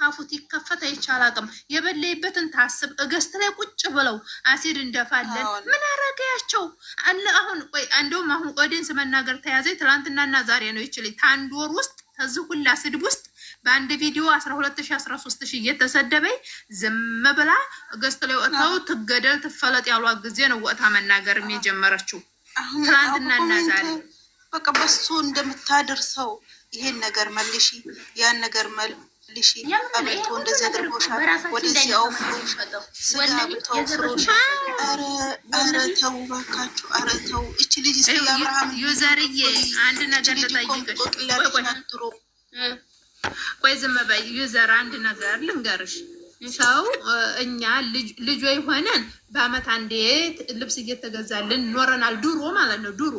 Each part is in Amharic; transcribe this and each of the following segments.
ካፉት ይከፈት አይቻል አቅም የበለይበትን ታስብ እገስት ላይ ቁጭ ብለው አሲድ እንደፋለን። ምን አረገያቸው አለ። አሁን ቆይ እንደውም አሁን ኦዲንስ መናገር ተያዘ። ትላንትናና ዛሬ ነው ይችል ታንድ ወር ውስጥ ከዚህ ሁላ ስድብ ውስጥ በአንድ ቪዲዮ አስራ ሁለት ሺ አስራ ሶስት ሺ እየተሰደበኝ ዝም ብላ እገስት ላይ ወጥተው ትገደል ትፈለጥ ያሏት ጊዜ ነው ወጥታ መናገር የጀመረችው ትናንትናና ዛሬ በቃ በሱ እንደምታደርሰው ይሄን ነገር መልሺ ያን ነገር መል ልሽ አበልቶ እንደዚህ አድርጎሻል። ወደዚህ አውፍሮሻል። ስጋ አብልቶ አውፍሮሻል። ኧረ ተው እባካችሁ፣ ተው። ልጅ ስ አብርሃም ዩዘርዬ አንድ ነገር ልጠይቅሽ። ዝም በይ ዩዘር፣ አንድ ነገር ልንገርሽ። ሰው እኛ ልጆ የሆነን በአመት አንዴ ልብስ እየተገዛልን ኖረናል። ድሮ ማለት ነው ድሮ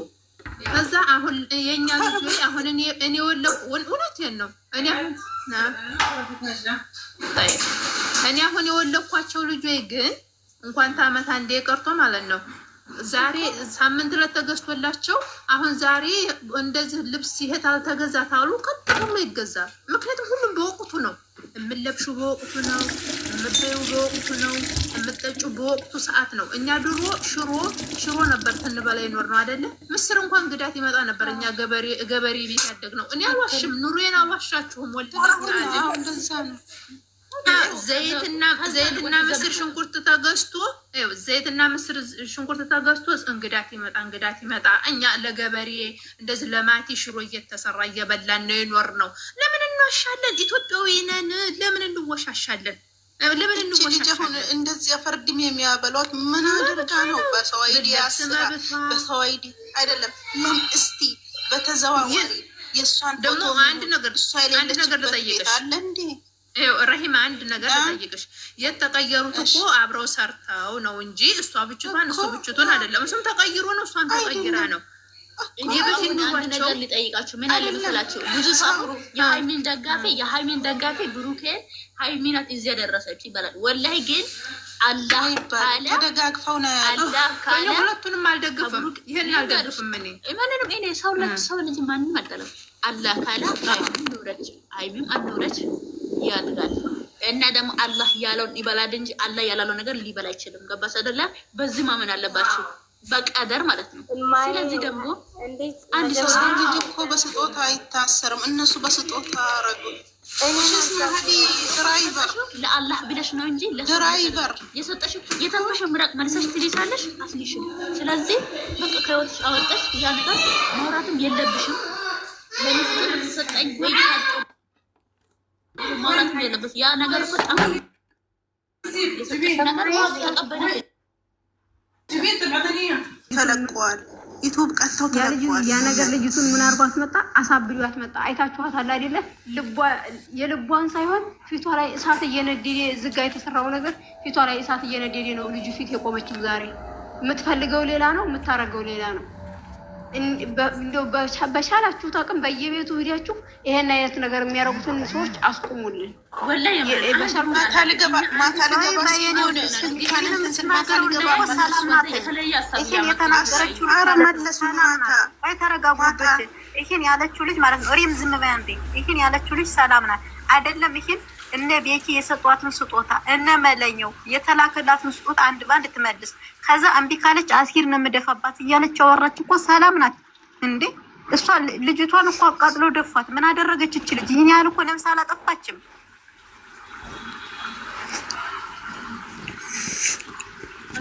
ከዛ አሁን የእኛ ልጅ አሁን እኔ ወለቁን እውነቴን ነው። እኔ አሁን የወለኳቸው ልጆች ግን እንኳን ታመት አንዴ ቀርቶ ማለት ነው ዛሬ ሳምንት ዕለት ተገዝቶላቸው አሁን ዛሬ እንደዚህ ልብስ ይሄት አልተገዛ አሉ። ቀጥሎም ይገዛል። ምክንያቱም ሁሉም በወቅቱ ነው። የምለብሹ በወቅቱ ነው። የምበዩ በወቅቱ ነው። የምጠጩ በወቅቱ ሰዓት ነው። እኛ ድሮ ሽሮ ሽሮ ነበር ስንበላ ይኖር ነው አደለ? ምስር እንኳን ግዳት ይመጣ ነበር። እኛ ገበሬ ቤት ያደግ ነው። እኔ አልዋሽም፣ ኑሮዬን አልዋሻችሁም። ዘይትና ዘይትና ምስር ሽንኩርት ተገዝቶ ዘይትና ምስር ሽንኩርት ተገዝቶ እንግዳት ይመጣ እንግዳት ይመጣ። እኛ ለገበሬ እንደዚህ ለማቲ ሽሮ እየተሰራ እየበላን ነው ይኖር ነው። ለምን እንዋሻለን? ኢትዮጵያዊ ነን። ለምን እንወሻሻለን? ለምን እንሆን እንደዚህ ፈርድም የሚያበሏት ምን አድርጋ ነው? በሰው አይዲ አስራ በሰው አይዲ አይደለም። ምን እስቲ በተዘዋዋሪ የእሷን ደግሞ አንድ ነገር አንድ ነገር ልጠይቅሽ አለ እንዴ ረሂማ አንድ ነገር ልጠይቅሽ። የተቀየሩት እኮ አብረው ሰርተው ነው እንጂ እሷ ብችቷን እሱ ብችቱን አይደለም። እሱም ተቀይሮ ነው እሷን ተቀይራ ነው እኔ ነገር ሊጠይቃችሁ ምን አለ መሰላችሁ? ብዙ ሰው ደጋፊ የሀይሚን ደጋፊ ብሩኬን ሀይሚናት እዚህ ይባላል። ወላሂ ግን አላህ ካለ ተደጋግፈው ነው ያለው። ሁለቱንም አልደግፍም፣ አልደግፍም። እኔ ማንንም እኔ ሰው ሰው ልጅ ማንም አልጠለም። አላህ ካለ ያድጋል። እና ደግሞ አላህ ያለውን ይበላል እንጂ አላህ ያላለው ነገር ሊበላ አይችልም። ገባስ አይደለም? በዚህ ማመን አለባችሁ። በቀደር ማለት ነው። ስለዚህ ደግሞ አንድ ሰው ልጅ እኮ በስጦታ አይታሰርም። እነሱ በስጦታ አረጉ። ድራይቨር ለአላህ ብለሽ ነው እንጂ ድራይቨር የሰጠሽ የተንበሽ ምራቅ መልሰሽ ትሊሳለሽ አስሊሽ። ስለዚህ በቃ ከህይወትሽ አወጠሽ ያ ነገር ማውራትም የለብሽም ለሚስጥር ሰጠኝ ወይ ማውራትም የለብሽ ያ ነገር በጣም ነገር ተቀበለ ተለቀዋል። ዩቱብ ቀጥተው ተለቀዋል። ያ ነገር ልጅቱን ምን አርጓት መጣ? አሳብዷት መጣ። አይታችኋታል አይደለ? የልቧን ሳይሆን ፊቷ ላይ እሳት እየነደደ ዝጋ የተሰራው ነገር ፊቷ ላይ እሳት እየነደደ ነው ልጁ ፊት የቆመችው ዛሬ። የምትፈልገው ሌላ ነው፣ የምታረገው ሌላ ነው። በሻላችሁ በቻላችሁ አቅም በየቤቱ ሂዳችሁ ይሄን አይነት ነገር የሚያደርጉትን ሰዎች አስቁሙልን። ይህን ያለችው ልጅ ማለት ነው። እኔም ዝም በያንቤ ያለችው ልጅ ሰላም ናት አይደለም ይህን እነ ቤኪ የሰጧትን ስጦታ እነ መለኘው የተላከላትን ስጦታ አንድ ባንድ ትመልስ። ከዛ እምቢ ካለች አሲር ነው የምደፋባት እያለች ያወራች እኮ ሰላም ናት እንዴ? እሷ ልጅቷን እኮ አቃጥሎ ደፋት። ምን አደረገች እች ልጅ? ይህን ያህል እኮ ነፍስ አላጠፋችም።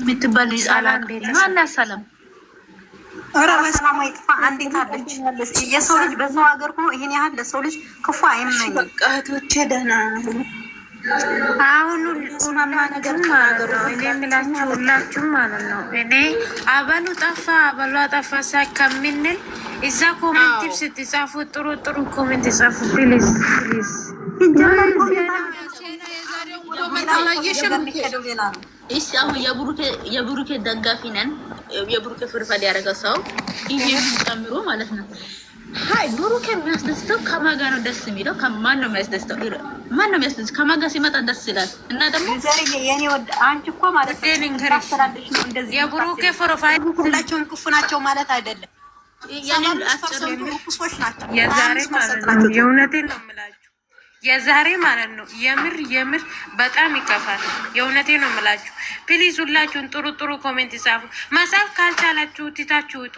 የምትባል ልጅ አላ ሰላም ሰላም ይጥፋ። እንዴት የሰው ልጅ በሰው ሀገር ሆኖ ይሄን ያህል ለሰው ልጅ ክፉ አይመኝም። በቃ እህቶቼ ደህና አሁን ሁሉማ ነገር ማለት ነው። እኔ የምላችሁ ሁላችሁም ማለት ነው። እኔ አበሉ ጠፋ አበሏ ጠፋ ሳ ከምንል እዛ ኮሜንት ስትጻፉ ጥሩ ጥሩ ኮሜንት ጻፉ ፕሊዝ ፕሊዝ። እሺ አሁን የብሩኬ የብሩኬ ደጋፊ ነን። የብሩኬ ፍርፋድ ያደረገ ሰው ይሄን ጨምሮ ማለት ነው። ሀይ ብሩኬ የሚያስደስተው ከማጋ ነው ደስ የሚለው። ከማን ነው የሚያስደስተው? ማን ነው የሚያስደስተው? ከማጋ ሲመጣ ደስ ይላል። እና ደግሞ አንቺ እኮ ማለት ነው የብሩኬ ፍርፋድ ሁላቸውም ክፉ ናቸው ማለት አይደለም። የዛሬ ማለት ነው የእውነቴን ነው የምላቸው የዛሬ ማለት ነው። የምር የምር በጣም ይከፋል። የእውነቴ ነው የምላችሁ። ፕሊዝ ሁላችሁን ጥሩ ጥሩ ኮሜንት ይጻፉ። መጻፍ ካልቻላችሁ ትታችሁ ውጡ።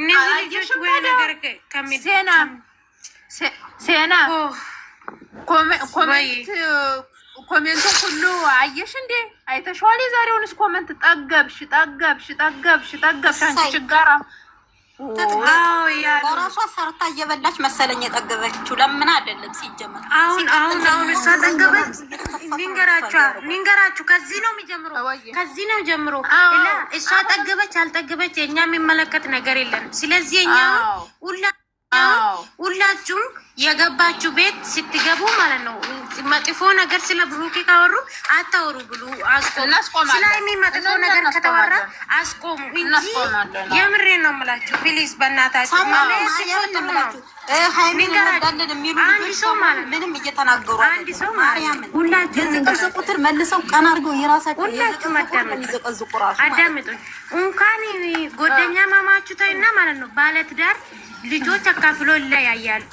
እነዚህ ሴና ኮሜንቱ ሁሉ አየሽ እንዴ? አይተሸዋል? የዛሬውንስ ኮመንት ጠገብሽ ጠገብሽ ጠገብሽ ጠገብሽ አንቺ ችጋራ በራሷ ሰርታ እየበላች መሰለኝ የጠገበችው። ለምን አይደለም ሲጀመር። አሁን አሁን አሁን እሷ ጠገበች። ንገራችሁ ንገራችሁ፣ ከዚህ ነው የሚጀምሮ፣ ከዚህ ነው ጀምሮ። እሷ ጠገበች አልጠገበች የእኛ የሚመለከት ነገር የለንም። ስለዚህ እኛ ሁላችሁም የገባችሁ ቤት ስትገቡ ማለት ነው መጥፎ ነገር ስለ ብሩኬ ካወሩ አታወሩ ብሉ አስቆሙ። ስለ ሀይሚ መጥፎ ነገር ከተወራ አስቆሙ እንጂ የምሬ ነው የምላችሁ። ፕሊዝ በእናታችሁ አንድ ሰው ማለት ምንም እየተናገሩ አንድ ሰው ማለት ሁላችሁም ቁጥር መልሰው ቀና አድርገው የራሳቸው ሁላችሁ አዳምጡ። እንኳን ጎደኛ ማማችሁ ታይና ማለት ነው ባለትዳር ልጆች አካፍሎ ይለያያል።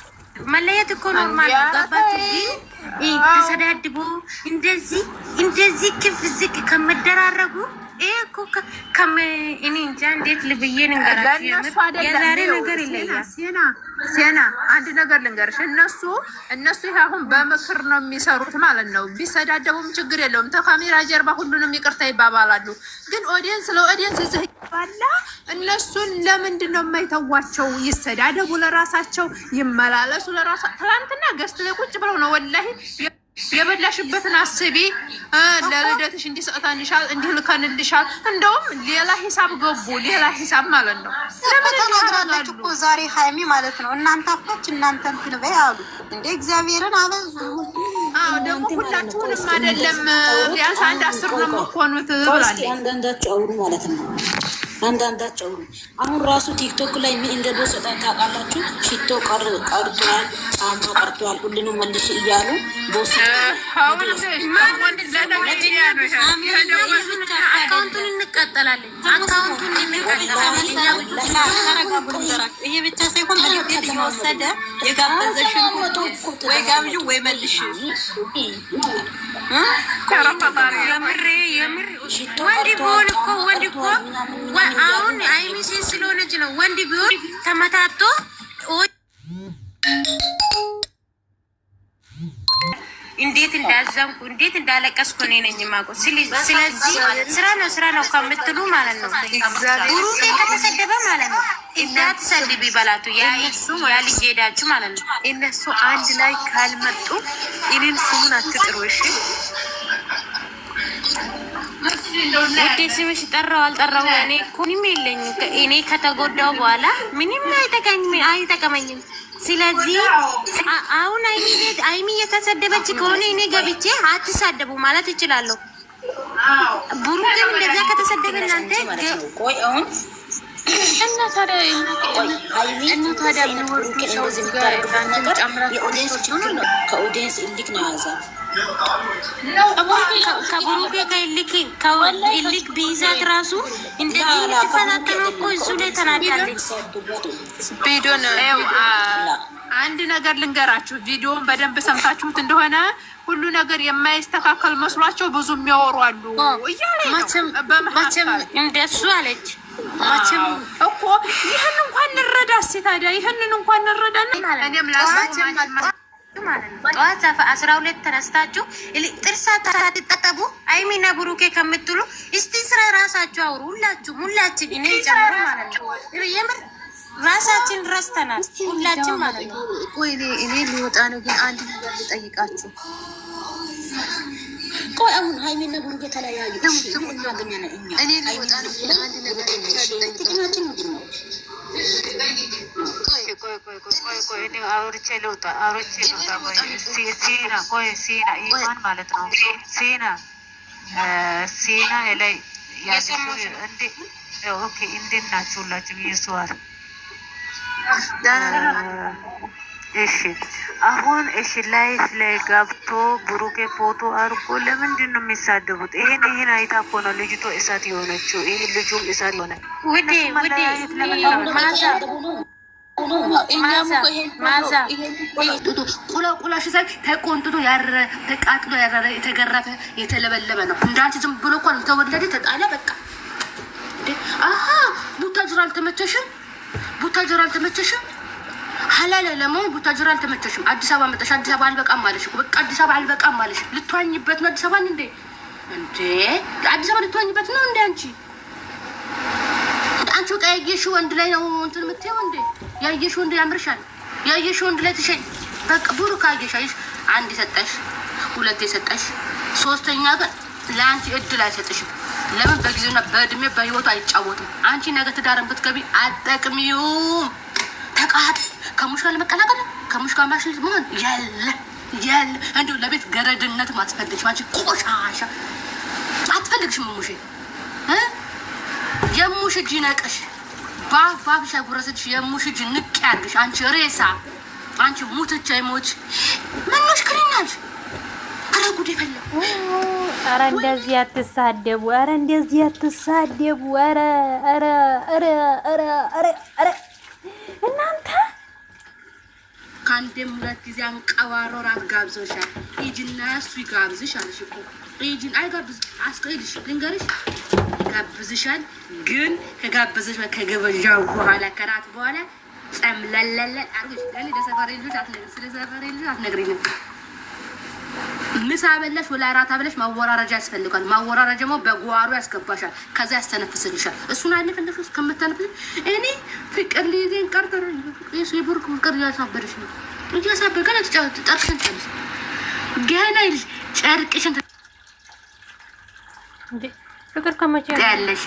መለየት እኮ ኖርማል ገባችሁ ግን ተሰዳድቦ እንደዚህ እንደዚህ ክፍ ዝቅ ከመደራረጉ ይሄ እኮ እኔ እንጃ እንዴት ልብዬ ንገራ የዛሬ ነገር ይለያል። ሴና አንድ ነገር ልንገርሽ፣ እነሱ እነሱ ይሄ አሁን በምክር ነው የሚሰሩት ማለት ነው። ቢሰዳደቡም ችግር የለውም። ተካሜራ ጀርባ ሁሉንም ይቅርታ ይባባላሉ። ግን ኦዲየንስ ለኦዲየንስ እዚህ ባላ እነሱን ለምንድን ነው የማይተዋቸው? ይሰዳደቡ ለራሳቸው ይመላለሱ ለራሳቸው። ትናንትና ገስት ላይ ቁጭ ብለው ነው ወላሂ የበላሽበትን አስቢ ለልደትሽ እንዲህ ሰጥተንሻል፣ እንዲህ ልከንልሻል። እንደውም ሌላ ሂሳብ ገቡ፣ ሌላ ሂሳብ ማለት ነው። ተናግራለች እኮ ዛሬ ሀይሚ ማለት ነው። እናንተ አፍታች እናንተ እንትን በይ አሉ እንደ እግዚአብሔርን አበዙ። ደግሞ ሁላችሁንም አይደለም ቢያንስ አንድ አስር ነው የምትሆኑት ብላለች። አንዳንዳችሁ አውሩ ማለት ነው አንዳንዳቸው አሁን ራሱ ቲክቶክ ላይ ምን እንደደሰጠ ታውቃላችሁ? ሽቶ ቀርቷል፣ ጫማ ቀርቷል፣ ሁሉንም መልሽ እያሉ አካውንቱን እንቀጠላለን። አካውንቱን ይሄ ብቻ ሳይሆን በሊዮፕ የጋበዘሽን ወይ ጋብዥ ወይ መልሽ። የምሬ የምር ወንድ ቢሆን እኮ ወንድ እኮ አሁን አይሚሴ ስለሆነች ነው። ወንድ ቢሆን ተመታቶ እንዴት እንዳዘንኩ እንዴት እንዳለቀስኩ እኔ ነኝ የማውቀው። ስለዚህ ስራ ነው ስራ ነው ከምትሉ ማለት ነው ብሩኬ ከተሰደበ ማለት ነው እንዳትሰድብ ይበላቱ ያ ልጅ ሄዳችሁ ማለት ነው። እነሱ አንድ ላይ ካልመጡ እኔን ስሙን አትጥሩ እሺ። ውዴ ስምሽ ጠራው አልጠራው እኔ እኮ ምንም የለኝም። እኔ ከተጎዳው በኋላ ምንም አይጠቀመኝም። ስለዚህ አሁን አይሚ እየተሰደበች ከሆነ እኔ ገብቼ አትሳደቡ ማለት እችላለሁ። ቡሩክም እንደዛ ከተሰደበ እናንተ እና ታዲያ እና ታዲያ ጨምራ ከኦዲየንስ እልክ ነው የያዛት ከብሩኬ ከልክ ከልክ ቢይዛት ራሱ እንደዚህ የምትፈታተነው እኮ እሱ ላይ ተናዳለች። አንድ ነገር ልንገራችሁ፣ ቪዲዮን በደንብ ሰምታችሁት እንደሆነ ሁሉ ነገር የማይስተካከል መስሏቸው ብዙ የሚያወሩ አሉ እያለ እንደሱ አለች እኮ። ይህን እንኳን እንረዳ እስኪ ታዲያ ይህንን እንኳን እንረዳ እኔም ጠዋት አስራ ሁለት ተነስታችሁ ጥርሳ ትጠጠቡ አይሚና ብሩኬ ከምትሉ እስቲ ስራ ራሳችሁ አውሩ። ሁላችሁም ሁላችን እኔ ጨምሮ ማለት ነው። የምር ራሳችን ረስተናል ሁላችን ማለት ነው። ቆይ እኔ ሊወጣ ነው፣ ግን አንድ ነገር ልጠይቃችሁ። ቆይ አሁን ሀይሚና ብሩኬ ተለያዩ፣ እኔ ሊወጣ ነው፣ ግን አንድ ነገር ልጠይቃችሁ አውርቼ ልውጣ አውርቼ ልውጣ። ማለት ነው። ሲና ሲና ላይ እንዴት ናችሁ ሁላችሁም? እሺ አሁን እሺ ላይፍ ላይ ገብቶ ብሩኬ ፎቶ አርጎ ለምንድን ነው የሚሳደቡት? ይሄን ይሄን አይታ እኮ ነው ልጅቶ እሳት የሆነችው። ይሄን ልጁም እሳት ሆነ። ውዴ ውዴ ቁላቁላሽ ተቆንጥቶ ያረ ተቃጥሎ ያረረ የተገረፈ የተለበለበ ነው። እንዳንቺ ዝም ብሎ እኮ ተወለደ ተጣለ በቃ። አሀ ቡታጅራ አልተመቸሽም? ቡታጅራ አልተመቸሽም? ሀላል ለመሆን ቡታጅራ አልተመቸሽም። አዲስ አበባ መጣሽ። አዲስ አበባ አልበቃም ማለሽ በቃ አዲስ አበባ አልበቃም ማለሽ። ልትዋኝበት ነው አዲስ አበባን እንዴ? እንዴ አዲስ አበባ ልትዋኝበት ነው እንዴ? አንቺ አንቺ በቃ ያየሽ ወንድ ላይ ነው እንትን የምትይው እንዴ? ያየሽ ወንድ ያምርሻል። ያየሽ ወንድ ላይ ትሸኝ በቃ ቡሩክ አየሽ፣ አየሽ፣ አንድ የሰጠሽ ሁለት የሰጠሽ ሶስተኛ ግን ለአንቺ እድል አይሰጥሽም። ለምን በጊዜና በእድሜ በህይወቱ አይጫወትም። አንቺ ነገ ትዳርን ብትገቢ አጠቅሚውም መቃት ከሙሽ ጋር ለመቀላቀል ከሙሽ ጋር ማሽል መሆን የለ የለ እንዲሁ ለቤት ገረድነት አትፈልግሽም። አንቺ ቆሻሻ አትፈልግሽም። ሙሽ የሙሽ እጅ ይነቅሽ፣ ባፍ ባፍሽ የሙሽ እጅ ንቅ ያርግሽ። አንቺ ሬሳ፣ አንቺ ሙትቻ ይሞች ምኖሽ ክሪናልሽ ኧረ እንደዚህ አትሳደቡ! ኧረ እንደዚህ አትሳደቡ! ኧረ ኧረ ኧረ ኧረ ኧረ እናንተ ከአንድም ሁለት ጊዜ አንቀባረር አጋብዘሻል። ሂጂና እሱ ይጋብዝሽ አለሽ እኮ ሂጂን አይጋብዝ አስቀይልሽ ልንገርሽ ይጋብዝሻል። ግን ከጋብዝሽ ከገበዣው በኋላ ከራት በኋላ ጸምለለለ አርጎች ለኔ ለሰፈሬ ልጆች አትነግሪኝ፣ ስለ ልጆች አትነግሪኝም። ምሳ በለሽ ወላ ራት በለሽ ማወራረጃ ያስፈልጋል። ማወራረጃ ደግሞ በጓሮ ያስገባሻል፣ ከዛ ያስተነፍስልሻል። እሱን አይነፍልሽ ውስጥ ከምተነፍስ እኔ ፍቅር ሊዜን ቀርተር የብሩክ ፍቅር እያሳበደሽ ነው እያሳበደ ገና ጨርቅሽን ጨርስ ገና ይልሽ ጨርቅሽን ፍቅር ከመቼ ያለሽ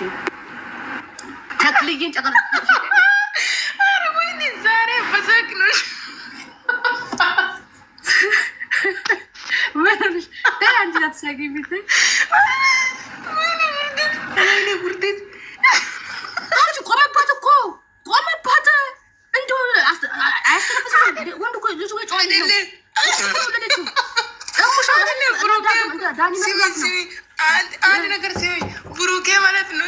ተክልዬን ጨርቅ ቆመባት እኮ ቆመባት። እንደው አንድ ነገር ብሩኬ ማለት ነው።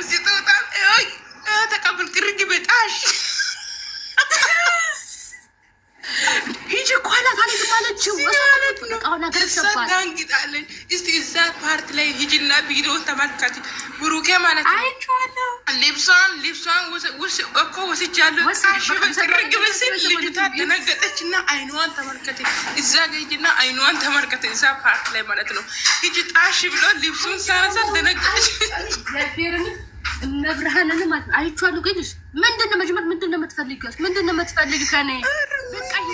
ሂጂ እኮ አላት አልሄድም አለችው። አሁን ሀገር ሰባል አንግጣለች። እስቲ እዛ ፓርት ላይ ሂጂና ቪዲዮ ተመልከት። ብሩኬ ማለት ነው አይቼዋለሁ። ልብሷን ልብሷን እኮ ወስጃለሁ። ልጅቷ ደነገጠችና አይኗን ተመልከት። እዛ ሂጂና አይኗን ተመልከት። እዛ ፓርት ላይ ማለት ነው። ሂጂ ጣሽ ብሎ ልብሱን ሳነሳ ደነገጠች። እነ ብርሃንን ማለት ነው አይቼዋለሁ። ግን ምንድን ነው መጀመር ምንድን ነው የምትፈልጊው? ምንድን ነው የምትፈልጊው ከእኔ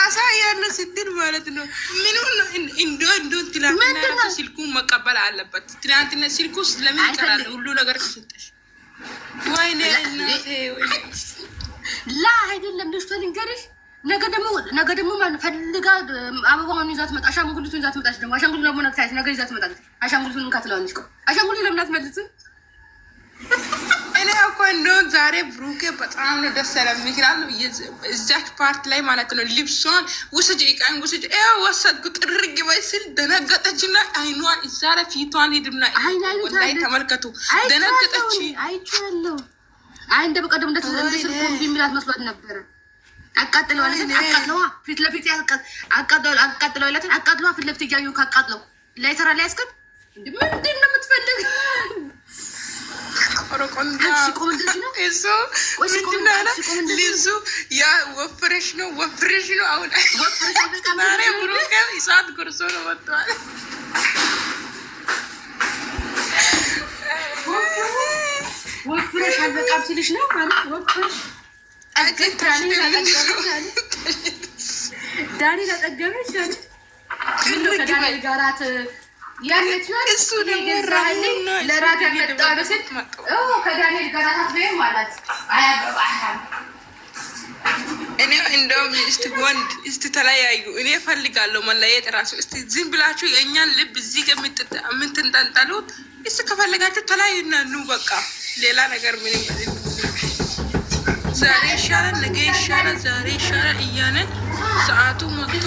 አሳ ያለ ስትል ማለት ነው። ምንም እንዶ እንዶ ትላንትና ስልኩ መቀበል አለበት። ትላንትና ስልኩ ስለምን ይቀራል? ሁሉ ነገር ተሰጠሽ። ወይኔ ላ አይደለም ልጅቷ ልንገርሽ። ነገ ደግሞ ነገ ደግሞ ማለት ፈልጋ አበባውን ይዛ ትመጣ፣ አሻንጉሊቱን ይዛ ትመጣ። ደግሞ አሻንጉሊቱን ደግሞ ነገ ይዛ ትመጣ። አሻንጉሊቱን ካትለዋንሽ አሻንጉሊቱን ለምን አትመልስም? እኔ እኮ እንደውም ዛሬ ብሩኬ በጣም ነው ደስ ያለ። ምክንያቱም እዛች ፓርት ላይ ማለት ነው ልብሷን ውስጅ ውስጅ ወሰድኩ ጥርግ በይ ስል ደነገጠች እና አይኗን እዛ ላይ ፊቷን ላይ ተመልከቱ። ደነገጠች። አይቻለሁ። አይ እንደ በቀደም የሚላት መስሏት ነበረ። ፊት ለፊት አቃጥለዋለትን አቃጥለዋ ፊት ለፊት እያዩ ካቃጥለው ላይ ላይ ምንድን ነው የምትፈልግ ኦሮቆንዳ እሱ ምንድን ነው አለ ሊዙ ያ ወፍረሽ ነው ወፍረሽ ነው አሁን ዛሬ ብሩከ እሳት ጎርሶ ነው ወጥቷል። ወፍረሽ አልበቃም ሲልሽ ነው ማለት ወፍረሽ ዳኒ ተጠገብሽ ዳኒ ጋራት እኔ እንደውም እስቲ ወንድ እስቲ ተለያዩ። እኔ ፈልጋለሁ መለየት ራሱ። እስቲ ዝም ብላችሁ የእኛን ልብ እዚህ የምትንጠልጠሉት እስቲ ከፈለጋችሁ ተለያዩና ኑ በቃ። ሌላ ነገር ምንም ዛሬ ይሻላል፣ ነገ ይሻላል፣ ዛሬ ይሻላል እያለን ሰዓቱ ሞቶ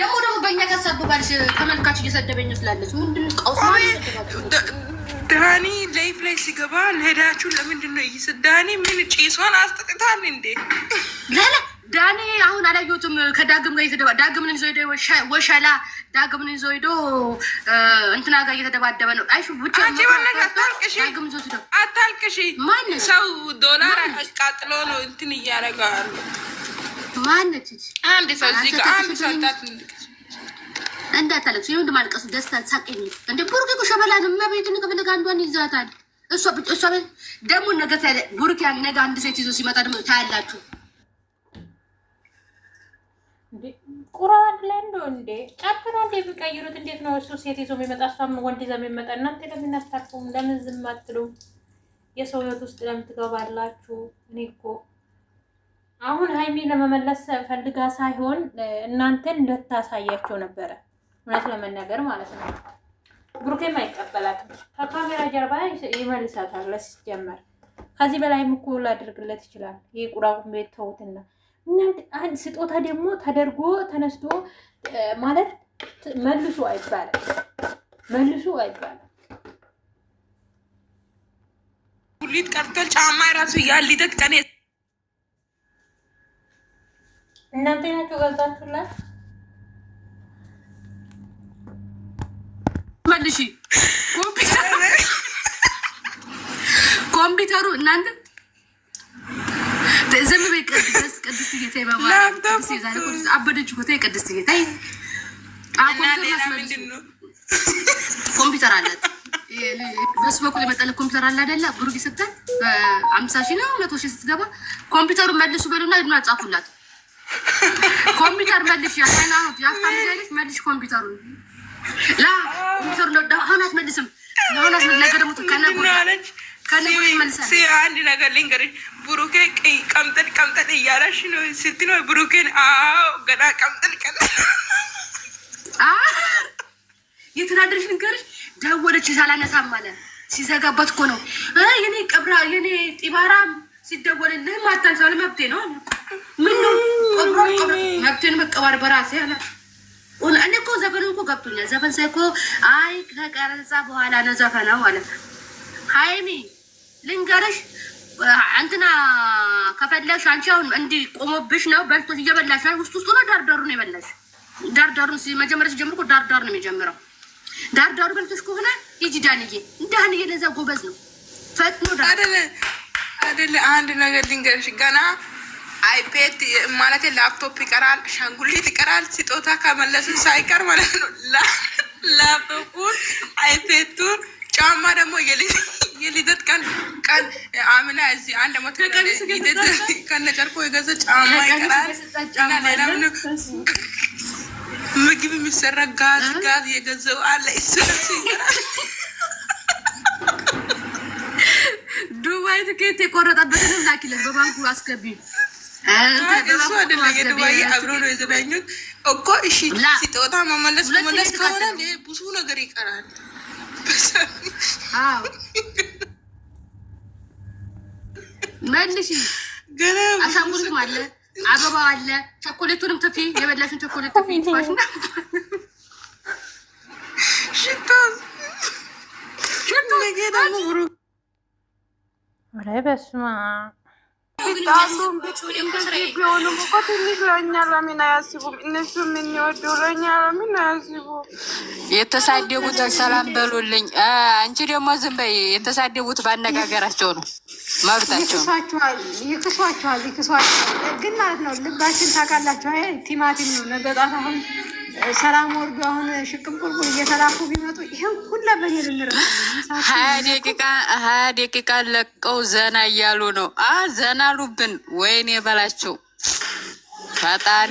ደግሞ ደግሞ በእኛ ባልሽ ተመልካች እየሰደበኝ ስላለች ምንድን ቀውስ ዳኒ ላይፍ ላይ ሲገባ ሄዳችሁ ለምንድን ነው ይስ ዳኒ ምን ጭሷን አስጥጥታል እንዴ? ለለ ዳኒ አሁን አላየሁትም። ከዳግም ጋር እየተደባ ዳግምን ይዞ ሄዶ ወሸላ ዳግምን ይዞ ሄዶ እንትና ጋር እየተደባደበ ነው። አይ ብቻ አታልቅሺ፣ አታልቅሽ ማን ሰው ዶላር አቃጥሎ ነው እንትን እያረጋሉ ማነች? አንድ ሰው እንዳታለቅሽ ይሁን ማልቀስ ደስታ ሳቀኝ እንደ ቡርክ እኮ ሸበላን መቤት ንቅብልግ አንዷን ይዛታል። እሷ እሷ ደግሞ ነገ ቡርክ ነገ አንድ ሴት ይዞ ሲመጣ ደግሞ ታያላችሁ። ቁርአን ላይ እንዶ እንዴ ጨርቅ ነው እንዴ የሚቀይሩት? እንዴት ነው እሱ ሴት ይዞ የሚመጣ እሷም ወንድ ይዛ የሚመጣ? እናንተ ለምን አታርፉም? ለምን ዝም አትሉም? የሰው ህይወት ውስጥ ለምን ትገባላችሁ? እኔ እኮ አሁን ሀይሚ ለመመለስ ፈልጋ ሳይሆን እናንተን ልታሳያቸው ነበረ። እውነት ለመናገር ማለት ነው። ብሩኬም አይቀበላትም። ከካሜራ ጀርባ ይመልሳታል። ሲጀመር ከዚህ በላይም እኮ ላደርግለት ይችላል። ይህ ቁራቁም ቤት ተውትና አንድ ስጦታ ደግሞ ተደርጎ ተነስቶ ማለት መልሱ አይባልም፣ መልሱ አይባልም። ሁሊት ቀርተል ጫማ ራሱ ያሊደት ቀኔ እናንተ ናችሁ ገዛችሁላት። መልሺ ኮምፒውተሩ እናንተ ዝም በይ ቅድስት አበደች እኮ ተይ ቅድስት ኮምፒውተር አላት በሱ በኩል ኮምፒውተር አለ አይደለ? ስትል ሺህ ነው መቶ ሺህ ስትገባ መልሱ በሉና ድና ጻፉላት ኮምፒውተር መልሽ፣ ሃይማኖት ያስታምዛለች። መልሽ ኮምፒውተሩ ላ ኮምፒውተሩ አሁን አትመልስም። አሁን ነገ ደግሞ ትከነጉናለች። አንድ ነገር ልንገርሽ፣ ብሩኬ ቀምጠል ቀምጠል እያለሽ ነው ነው ብሩኬን አዎ፣ ገና ቀምጠል ቀ የተናደረሽ ንገርሽ፣ ደወለች ሳላነሳም አለ ሲዘጋበት እኮ ነው የኔ ቅብራ የኔ ጢባራም ሲደወልልህ ማታንሳለ መብቴ ነው። ምን መብቴን መቀባር በራሴ አለ። እኔ እኮ ዘፈኑ እኮ ገብቶኛል። ዘፈን ሳይኮ አይ ከቀረጻ በኋላ ነው ዘፈነው አለ። ሀይሚ ልንገርሽ እንትና ከፈለሽ አንቺ አሁን እንዲህ ቆሞብሽ ነው በልቶ እየበላሽ ነው። ውስጥ ውስጡ ነው ዳርዳሩ ነው የበላሽ። ዳርዳሩ መጀመሪያ ሲጀምር ዳርዳሩ ነው የሚጀምረው። ዳርዳሩ በልቶሽ ከሆነ ሂጂ ዳንዬ። ዳንዬ ለዛ ጎበዝ ነው ፈጥኖ ዳ አይደለ አንድ ነገር ልንገርሽ፣ ገና አይፔድ ማለት ላፕቶፕ ይቀራል፣ አሻንጉሊት ይቀራል። ስጦታ ከመለሱ ሳይቀር ማለት ነው። ላፕቶፑን አይፔቱን፣ ጫማ ደግሞ የልደት ቀን ቀን አምና እዚ አንድ ሞት ከነ ጨርቆ የገዘ ጫማ ይቀራል። ምግብ የሚሰራ ጋዝ ጋዝ የገዘው አለ ይሰራ ዱባይ ትኬት የቆረጠበትንም ላኪለን በባንኩ አስገቢ። ዱባይ አብሮ ነው የተገኙት እኮ። እሺ ሲጦታ መመለስ መመለስ ከሆነ ብዙ ነገር ይቀራል። መልሽ አለ፣ አበባ አለ፣ ቸኮሌቱንም ትፊ፣ የበላሽን ቸኮሌት ትፊ። ሽቶ ሽቶ ነገ ደግሞ ኧረ በስመ አብ ቢሆኑም እኮ ትንሽ ለእኛ ለምን አያስቡም? እነሱ ለእኛ ለምን አያስቡም? የተሳደቡትን ሰላም በሉልኝ። አንቺ ደግሞ ዝም በይ። የተሳደቡት ባነጋገራቸው ነው መብታቸው። ይክሷቸዋል፣ ይክሷቸዋል ግን ማለት ነው ልባችን ታውቃላችሁ። ቲማቲም ነው ነገጣት አሁን ሰላም ወርዶ አሁን ሽቅም ቁልቁል እየተላኩ ቢመጡ ይህን ሁላ በኔ ልንረዳ ሀያ ደቂቃ ለቀው ዘና እያሉ ነው። አ ዘና ሉብን ወይኔ በላቸው ፈጣሪ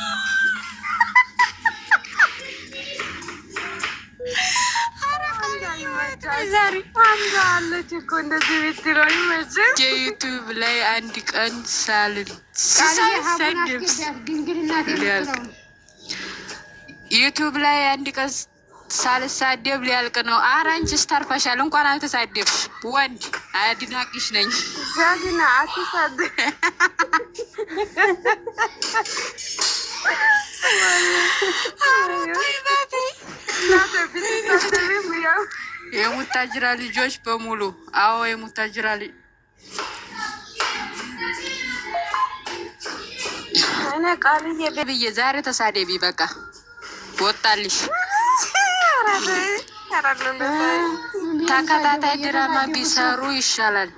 ዛሬ የዩቱብ ላይ አንድ ቀን ሳልሳልሰድብ ዩቱብ ላይ አንድ ቀን ሳልሳደብ ሊያልቅ ነው። ኧረ አንቺስ ታርፈሻል። እንኳን አልተሳደብሽ። ወንድ አድናቂሽ ነኝ። ዛግና የሙታጅራ ልጆች በሙሉ አዎ፣ የሙታጅራ ልጅ ብዬ ዛሬ ተሳደቢ፣ በቃ ወጣልሽ። ተከታታይ ድራማ ቢሰሩ ይሻላል።